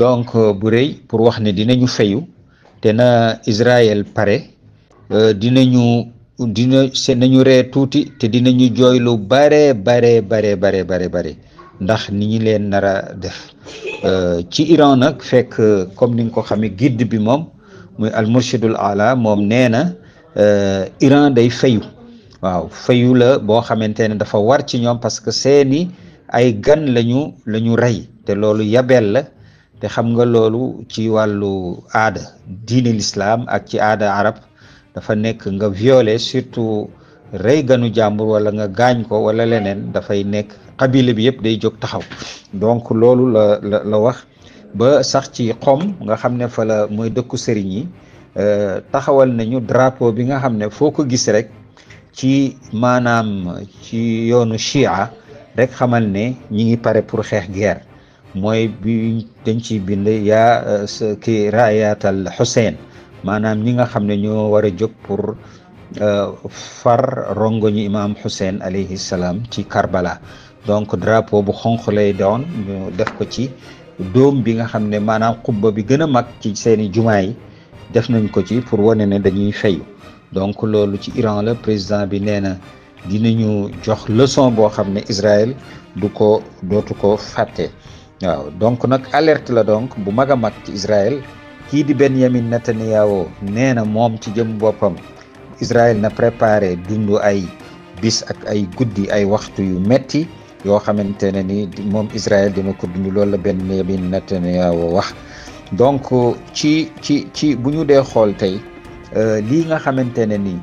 donc euh, bu rëy pour wax ne dinañu fayu te na Israël pare euh, dinañu dina se nañu ree tuuti te dinañu jooy lu bare bare bare bare bare bare ndax ni ñu leen nara a def euh, ci Iran nag fekk comme ni nga ko xamee gidd bi moom muy almurshidul ala moom nee na Iran day fayu waaw fayu la boo xamante ne dafa war ci ñoom parce que seeni ay gan lañu la ñu rey te loolu yabeel la te xam nga loolu ci wàllu aada dini lislaam ak ci aada arab dafa nekk nga violer surtout rey ganu jàmbur wala nga gaañ ko wala leneen dafay nekk xabila bi yëpp day jóg taxaw donc loolu la la wax ba sax ci xom nga xam ne fa la mooy dëkku sëriñ yi euh, taxawal nañu drapeau bi nga xam ne foo ko gis rek ci maanaam ci yoonu chia rek xamal ne ñi ngi pare pour xeex guerre mooy bu dañ ciy bind yaa euh, kii raayatal Hussein maanaam ñi nga xam ne ñoo war a jóg pour euh, far rongoñu imaam Hussein alayhi salaam ci Karbala donc drapo bu xonq lay doon ñu def ko ci doom bi nga xam ne maanaam xubba bi gën a mag ci seeni jumaa yi def nañ ko ci pour wane ne dañuy fayu donc loolu ci Iran la président bi nee na dinañu jox leçon boo xam ne Israël du ko dootu ko fàtte waaw donc nag alerte la donc bu mag a mag ci Israël kii di Benjamin Netanyahu nee na moom ci jëm boppam Israël na préparé dund ay bis ak ay guddi ay waxtu yu metti yoo xamante ne ni moom Israël dina ko dund loolu la Benjamin wax donc ci ci ci bu ñu dee xool tey euh, lii nga xamante ne ni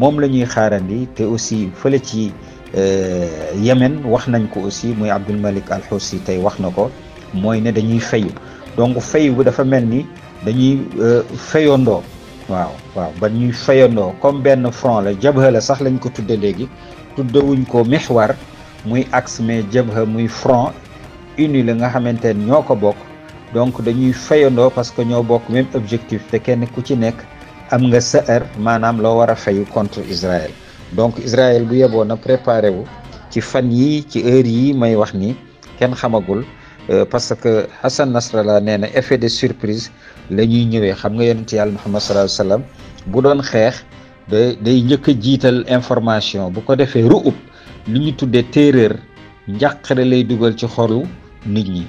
moom la ñuy xaarandi te aussi fële ci. Euh, yemen wax nañ ko aussi muy Abdul Malik Al tey wax na ko mooy ne dañuy fayu donc fayu bu dafa mel ni dañuy euh, fayandoo waaw waaw ba ñuy fayandoo comme benn front la jabha la sax lañ ko tudde léegi tuddewuñ ko mixwar muy axe mais jabha muy front uni la nga xamante ne ñoo ko bokk donc dañuy fayandoo parce que ñoo bokk même objectif te kenn ku ci nekk am nga sa maanaam loo war a fayu contre Israël donc Israël bu yeboon na préparé wu ci fan yi ci heure yi may wax ni kenn xamagul euh, parce que Hassan Nasrallah nee na effet de surprise la ñuy ñëwee xam nga yonent yàlla Muhammad sallallahu alayhi bu doon xeex day day njëkk a jiital information bu ko defee ruub li ñu tuddee njaq njàqare lay dugal ci xolu nit ñi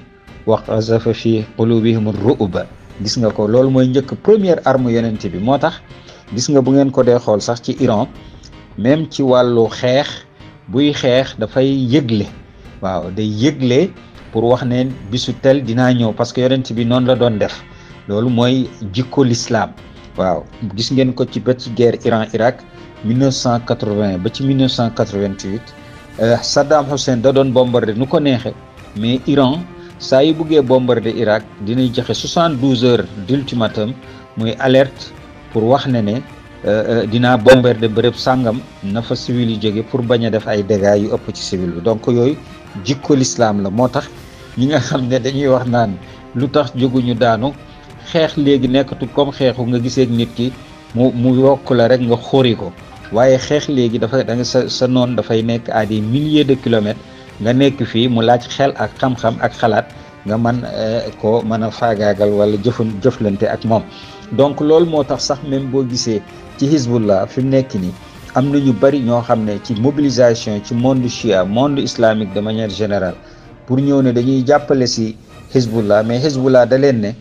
wa qazafa fi qulubihim ru'ba gis nga ko loolu mooy njëkk première arme yonent bi moo tax gis nga bu ngeen ko dee xool sax ci Iran même ci wàllu xeex buy xeex dafay yëgle waaw day yëgle pour wax ne bisu tel dinaa ñëw parce que yonent bi noonu la doon def loolu mooy jikko lislaam waaw gis ngeen ko ci ba ci guerre Iran Irak 1980 ba ci 1988 Saddam Hussein da doon bombardé nu ko neexee mais Iran saa yi buggee bombardé Irak dinay joxe 72 heures d'ultimatum muy alerte pour wax ne ne Euh, euh, dinaa bombarder bërëb sàngam na fa civil yu jege pour bañ a def ay dégâts yu ëpp ci civil bi donc yooyu jikko lislaam la moo tax ñi nga xam ne dañuy wax naan lu tax jóguñu daanu xeex léegi nekkatul comme xeexu nga gisee nit ki mu mu wokk la rek nga xori ko waaye xeex léegi dafa da sa sa noon dafay nekk à des milliers de kilomètres nga nekk fii mu laaj xel ak xam-xam ak xalaat nga mën eh, ko mën a faagaagal wala jëfan jëflante ak moom donc loolu moo tax sax même boo gisee ci Hizbullah fi mu nekk nii am na ñu bari ñoo xam ne ci mobilisation ci monde chia monde islamique de manière générale pour ñëw ne dañuy jàppale si Hizbullah mais Hizbullah da ne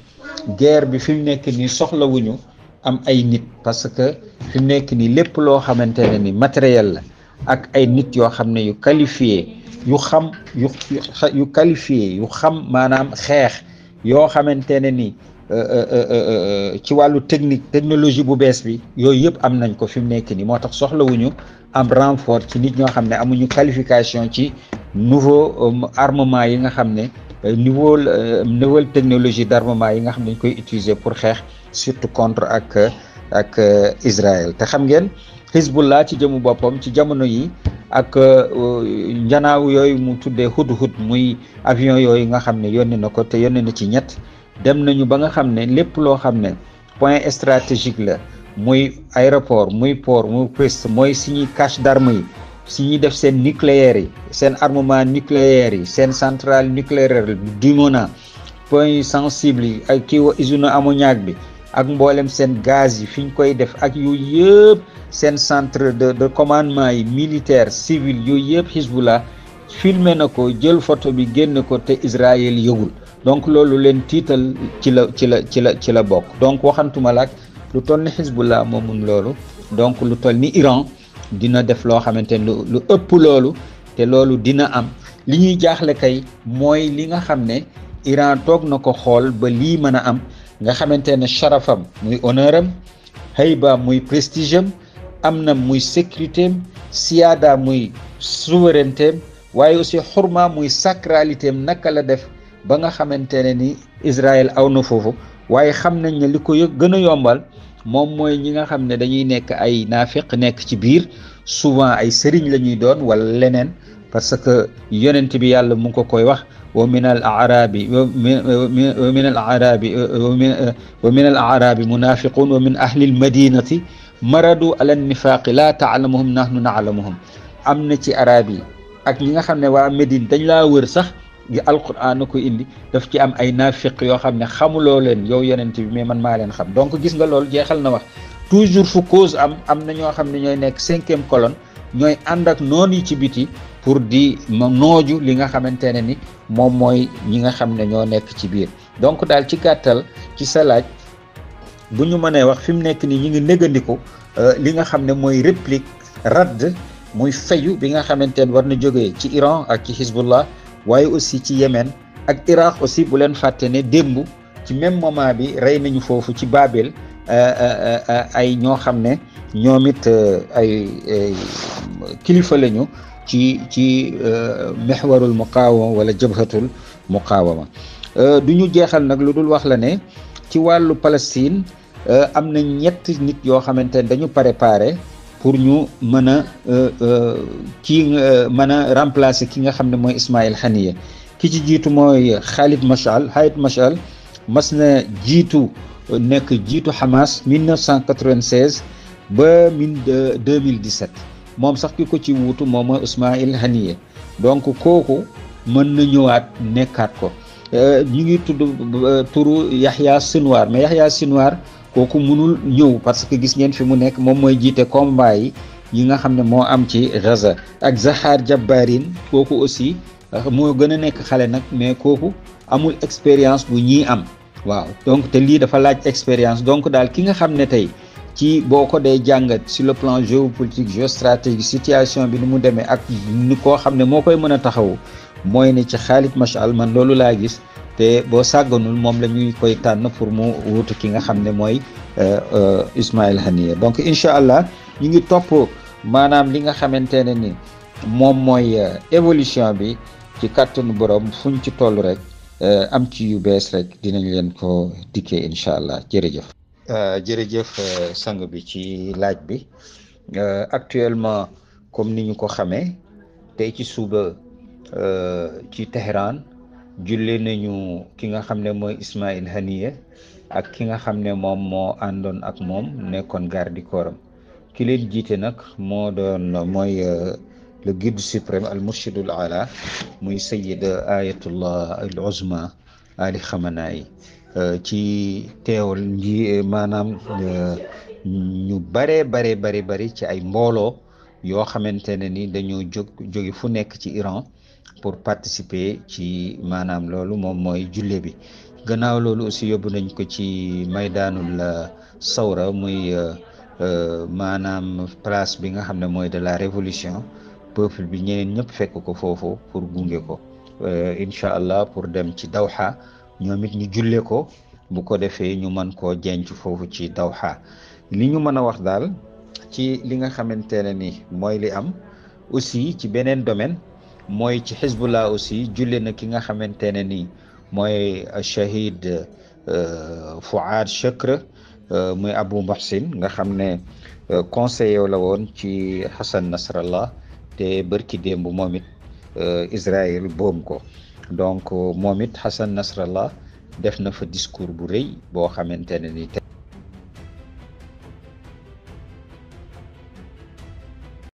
guerre bi fi mu nekk nii soxlawuñu am ay nit parce que fi mu nekk nii lépp loo xamante ne ni matériel la ak ay nit yoo xam ne yu qualifié yu xam yu yu yu xam maanaam xeex yoo xamante ne ni euh, euh, euh, ci wàllu technique technologie bu bees bi yooyu yëpp am nañ ko fi mu nekk nii moo tax soxlawuñu am renfort ci nit ñoo xam ne amuñu qualification ci nouveau armement yi nga xam ne niveau nouvelle technologie d' armement yi nga xam ne dañ koy utiliser pour xeex surtout contre ak ak Israël te xam ngeen. laa ci jëmu boppam ci jamono yi ak euh, njanaaw yooyu mu tuddee hudhud muy avion yooyu nga xam ne yónnee na ko te yónnee na ci ñett dem nañu ba nga xam ne lépp loo xam ne point stratégique la muy aéroport muy port muy piste mooy suñuy cache d'armes yi suñuy def seen nucléaire yi seen armement nucléaire yi seen centrale nucléaire dimona point sensible yi ak kii wa usine ammoniac bi ak mboolem seen gaz yi fi ñu koy def ak yooyu yëpp seen centre de de commandement yi militaire civil yooyu yëpp Hezbollah filmé na ko jël photo bi génn ko te Israël yëgul donc loolu leen tiital ci la ci la ci la ci la bokk donc waxantuma laak lu toll ni Hezbollah moo mun loolu donc lu toll ni Iran dina def loo xamante ne lu ëpp loolu te loolu dina am li ñuy jaaxle kay mooy li nga xam ne Iran toog na ko xool ba lii mën a am nga xamante ne charafam muy honneur am hayba muy prestige am am na muy sécurité am siyaada muy souveraineté waaye aussi xurma muy sacralité am naka la def ba nga xamante ne ni Israël aw na foofu waaye xam nañ ne li ko gën a yombal moom mooy ñi nga xam ne dañuy nekk ay naafiq nekk ci biir souvent ay sëriñ la ñuy doon wala leneen parce que yonent bi yàlla mu ngi ko koy wax wa min al arabi wa min al arabi wa min al arabi munafiqun wa min ahli al madinati maradu ala nifaqi la taalamuhum nahnu naalamuhum am na ci arab yi ak ñi nga xam ne waa Médine dañ laa war sax gi alquran na ko indi daf ci am ay naafiq yoo xam ne xamuloo leen yow yonent bi mais man maa leen xam donc gis nga loolu jeexal na wax toujours fu cause am am na ñoo xam ne ñooy nekk cinquième colonne ñooy ànd ak noon yi biti pour di nooju li nga xamante ne ni moom mooy ñi nga xam ne ñoo nekk ci biir donc daal ci gàttal ci sa laaj bu ñu mënee wax fi mu nekk nii ñu ngi négandiku euh, li nga xam ne mooy réplique radd muy fayu bi nga xamante ne war na jógee ci Iran ak ci Hezbollah waaye aussi ci yemen ak Irak aussi bu leen fàtte ne démb ci même moment bi rey nañu foofu ci Babel euh, euh, ay ñoo xam ne ñoom it ay kilifa lañu ci ci euh, mexwarul muqaawama wala jabhatul muqaawama euh, du ñu jeexal nag lu dul wax la ne ci wàllu Palestine euh, am na ñett nit yoo xamante ne dañu pare pour ñu mën a kii mën a remplacer ki nga xam ne mooy Ismaïl Haniye ki ci jiitu mooy Khalid Mashal Khalid Mashal mas na jiitu nekk jiitu Hamas 1996 ba min 2017 moom sax ki ko ci wutu moom mooy Ismail Haniyeh donc kooku mën na ñëwaat nekkaat ko euh, ñu ngi tudd euh, turu yaxya Sinwar mais Yahya Sinwar kooku mënul ñëw parce que gis ngeen fi mu nekk moom mooy jiite kombaay yi nga xam ne moo am ci Gaza ak Zahar Jabbarin kooku aussi euh, moo gën a nekk xale nag mais kooku amul expérience bu ñii am waaw donc te lii dafa laaj expérience donc daal ki nga xam ne tey ci boo ko dee jàngat si le plan géopolitique géostratégique situation bi ni mu demee ak ni koo xam ne moo koy mën a taxaw mooy ne ci Khalid Mashal man loolu laa gis te boo sàgganul moom la ñuy koy tànn pour mu wutu ki nga xam ne mooy euh, euh, Ismaël Haniyeh donc incha allah ñu ngi topp maanaam li nga xamante ne ni moom mooy euh, évolution bi ci kàttanu borom fuñ ci toll rek am ci yu bees rek dinañ leen ko dikkee incha allah jërëjëf. jërëjëf sang bi ci laaj bi actuellement comme ni ñu ko xamee tey ci suba ci Téhéran julli nañu ki nga xam ne mooy Ismail Haniyeh ak ki nga xam ne moom moo àndoon ak moom nekkoon garde corps am ki leen jiite nag moo doon mooy le guide suprême al murshidul ala muy sayid ayatullah al uzma ali xamanaayi Euh, ci teewal nji euh, maanaam euh, ñu baree bare bari bari ci ay mbooloo yoo xamante ne ni dañoo jóg jóge fu nekk ci Iran pour participer ci maanaam loolu moom mooy julle bi gannaaw loolu aussi yóbbu nañ ko ci maydaanul sawra muy maanaam place bi nga xam ne mooy de la révolution peuple bi ñeneen ñëpp fekk ko foofu pour gunge ko incha allah pour dem ci dawxa ñoom it ñu julle ko bu ko defee ñu mën koo jenc foofu ci dawxa li ñu mën a wax daal ci li nga xamante ne ni mooy li am aussi ci beneen domaine mooy ci xisbullah aussi julle na ki nga xamante ne ni mooy shahid euh, Fuad Chakr euh, muy Abu Muhsin nga xam ne euh, conseiller la woon ci Hassan Nasrallah te bërki démb moom it Israël boom ko donc momit Hassan Nasrallah def na fa discours bu reuy bo xamantene ni.